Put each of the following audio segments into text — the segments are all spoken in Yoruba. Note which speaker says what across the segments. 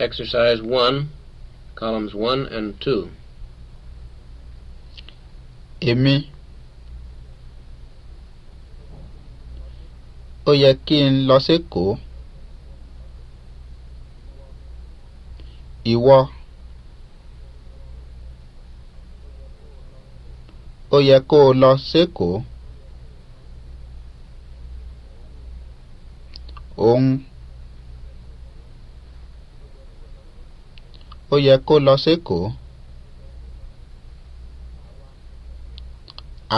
Speaker 1: Exercise 1, columns 1 and 2.
Speaker 2: Èmi ó yẹ kí n lọ sékòó. Ìwọ ó yẹ kó o lọ sékòó. lo sekoo ó yẹ kó lọ sékòó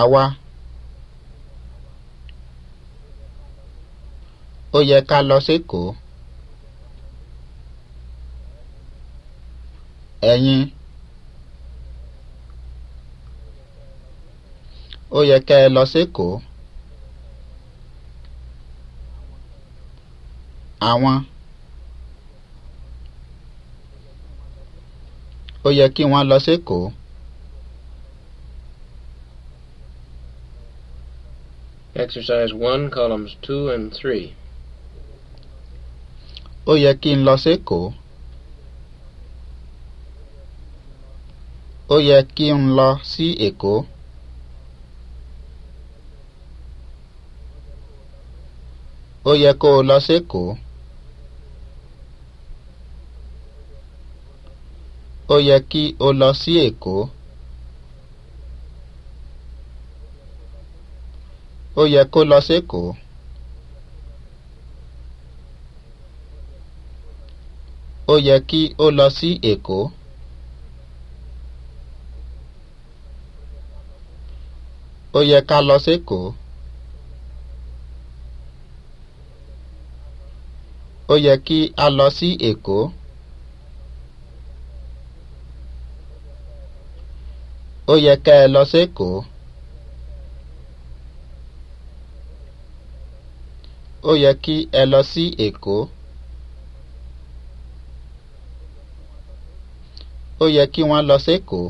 Speaker 2: àwa ó yẹ ká lọ sékòó ẹ̀yin ó yẹ ká ẹ lọ sékòó àwọn. ó yẹ kí wọ́n lọ sékòó.
Speaker 1: Exercise one, columns two and three.
Speaker 2: Ó yẹ kí n lọ sékòó. Ó yẹ kí n lọ sí Èkó. Ó yẹ kó o lọ sékòó. Ó yẹ kí o lọ sí Èkó. Ó yẹ kó lọ sékòó. Ó yẹ kí ó lọ sí Èkó. Ó yẹ ká lọ sékòó. Ó yẹ kí a lọ sí Èkó. ó yẹ kẹ́ ẹ lọ sékòó. ó yẹ kí ẹ lọ sí èkó. ó yẹ kí wọ́n lọ sékòó.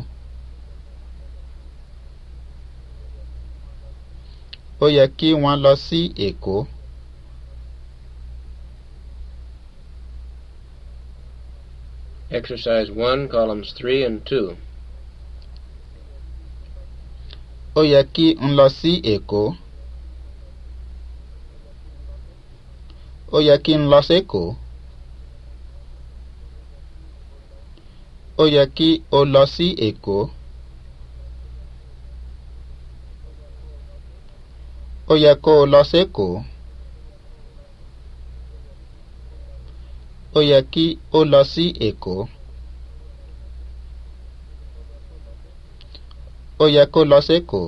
Speaker 2: ó yẹ kí wọ́n lọ sí èkó.
Speaker 1: Exercise one, columns three and two
Speaker 2: ó yẹ kí n lọ sí èkó ó yẹ kí n lọ sékòó ó yẹ kí o lọ sí èkó ó yẹ kó o lọ sékòó ó yẹ kí o lọ sí èkó. ó yẹ kó lọ sékòó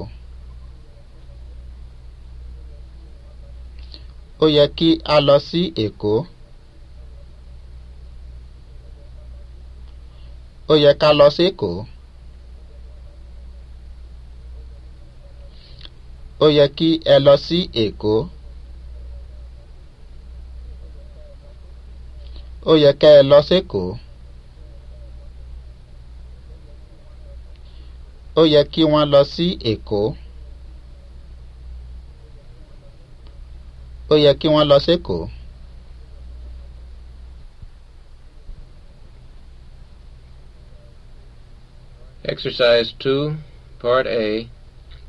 Speaker 2: ó yẹ kí a lọ sí èkó ó yẹ ká lọ sékòó ó yẹ kí ẹ lọ sí èkó ó yẹ ká ẹ lọ sékòó. ó yẹ kí wọ́n lọ sí Èkó ó yẹ kí wọ́n lọ sékòó.
Speaker 1: Exercise two, Part A,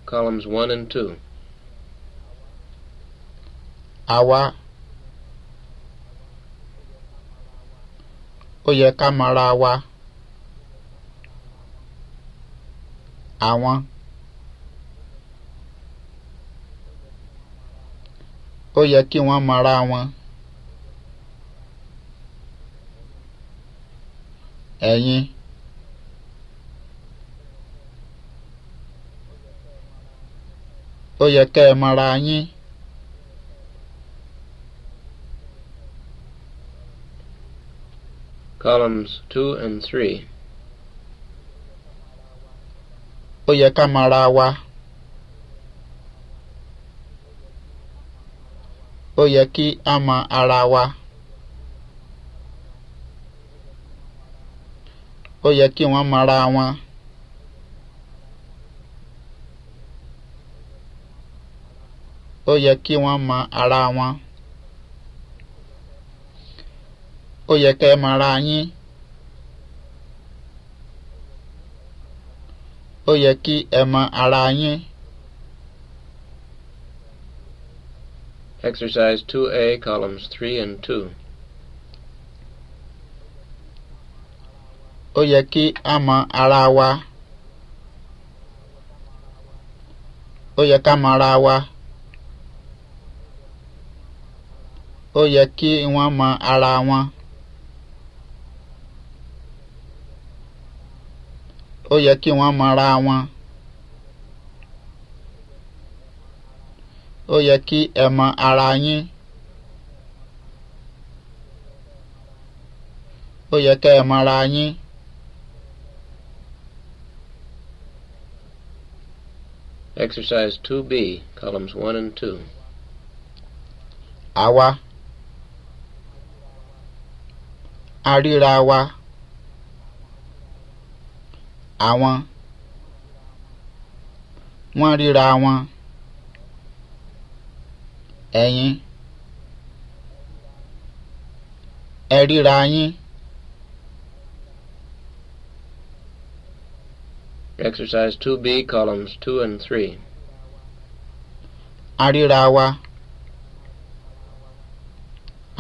Speaker 1: columns one and two.
Speaker 2: Àwa ó yẹ ká mara wa. àwọn ó yẹ kí wọ́n wọn. ẹ̀yin ó yẹ kẹ́ ẹ yín.
Speaker 1: Columns 2 and 3
Speaker 2: ó yẹ ká mọ ara wa ó yẹ kí a mọ ara wa ó yẹ kí wọ́n mọ ara wọn. ó yẹ kí wọ́n mọ ara wọn ó yẹ kẹ́ ẹ mọ ara yín. ó yẹ kí ẹ mọ ara yín.
Speaker 1: Exercise 2A, columns 3 and 2.
Speaker 2: Ó yẹ kí a mọ ara wa. Ó yẹ ká mọ ara wa. Ó yẹ kí wọ́n mọ ara wọn. ó yẹ kí wọ́n mọra wọn. ó yẹ kí ẹ mọ ara yín. ó yẹ kẹ́ ẹ mọra yín.
Speaker 1: Exercise two b columns one and two.
Speaker 2: Àwa. Aríra wa. àwọn wọ́n ríra wọn ẹ̀yin ẹ ríra yín.
Speaker 1: Exercise 2B, columns 2 and 3.
Speaker 2: A rí wa.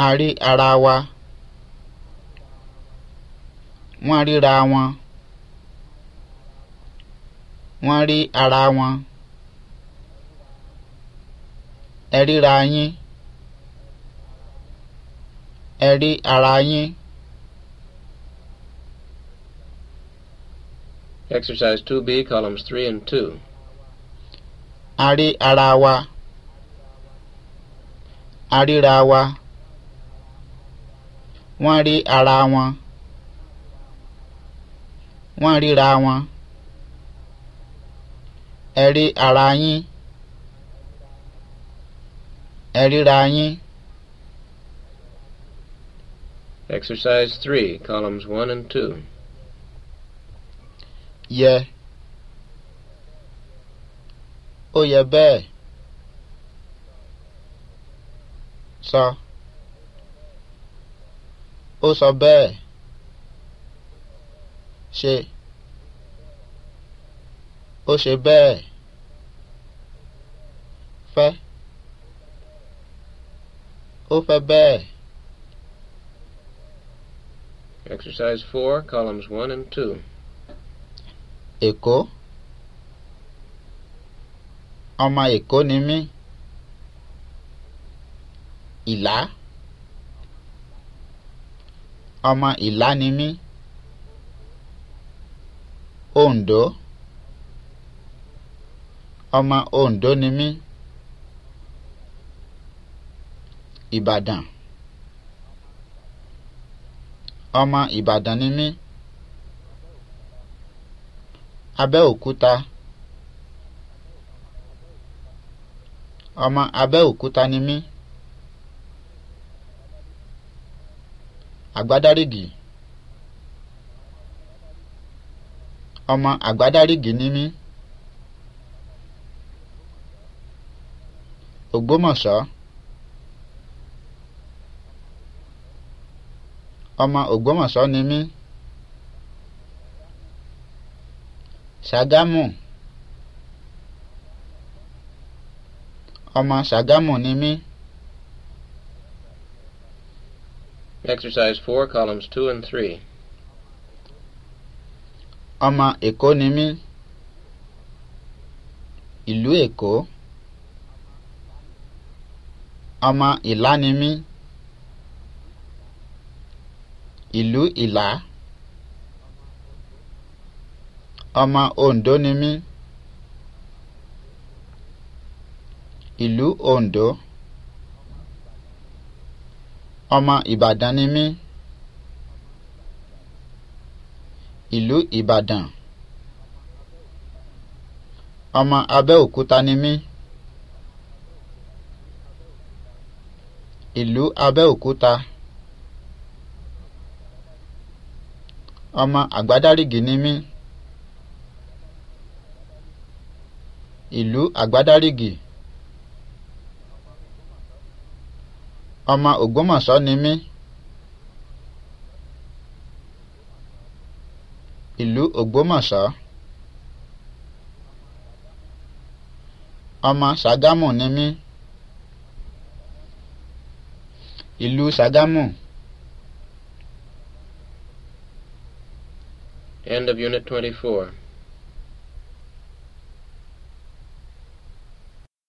Speaker 2: A rí ara wa. Wọ́n ríra wọn wọ́n rí ara wọn ẹ ríra yín ẹ rí ara yín.
Speaker 1: Exercise 2B, columns 3 and 2.
Speaker 2: A rí ara wa. A ríra wa. Wọ́n rí ara wọn. Wọ́n ríra wọn ẹ̀rí ara yín ẹ̀ríra yín.
Speaker 1: Exercise 3, columns 1 and 2.
Speaker 2: Yẹ. Ó yẹ bẹ́ẹ̀. Sọ. Ó sọ bẹ́ẹ̀. Ṣe. ó ṣe bẹ́ẹ̀ fẹ́ ó fẹ́ bẹ́ẹ̀.
Speaker 1: Exercise four, columns one and two.
Speaker 2: Eko, Ọmọ Èkó ni mí. Ìlá. Ọmọ Ìlá ni mí. Oǹdó ọmọ ondo ni mí Ìbàdàn ọmọ Ìbàdàn ni mí Abẹ́òkúta ọmọ Abẹ́òkúta ni mí Àgbádárìgì ọmọ Àgbádárìgì ni mí. Ògbómọ̀ṣọ́ ọmọ Ògbómọ̀ṣọ́ ni mí Ṣàgámù ọmọ Ṣàgámù ni mí.
Speaker 1: Exercise four, columns two and three.
Speaker 2: Ọmọ Èkó ni mí. Ìlú Èkó ọmọ Ìlá ni mí ìlú Ìlá ọmọ Oǹdó ni mí ìlú Oǹdó ọmọ Ìbàdàn ni mí ìlú Ìbàdàn ọmọ Abẹ́òkúta ni mí. ìlú Abẹ́òkúta ọmọ Àgbádárìgì ni mí ìlú Àgbádárìgì ọmọ Ògbómọ̀ṣọ́ ni mí ìlú Ògbómọ̀ṣọ́ ọmọ Ṣàgámù ni mí. ìlú Ṣàgámù.
Speaker 1: End of Unit 24.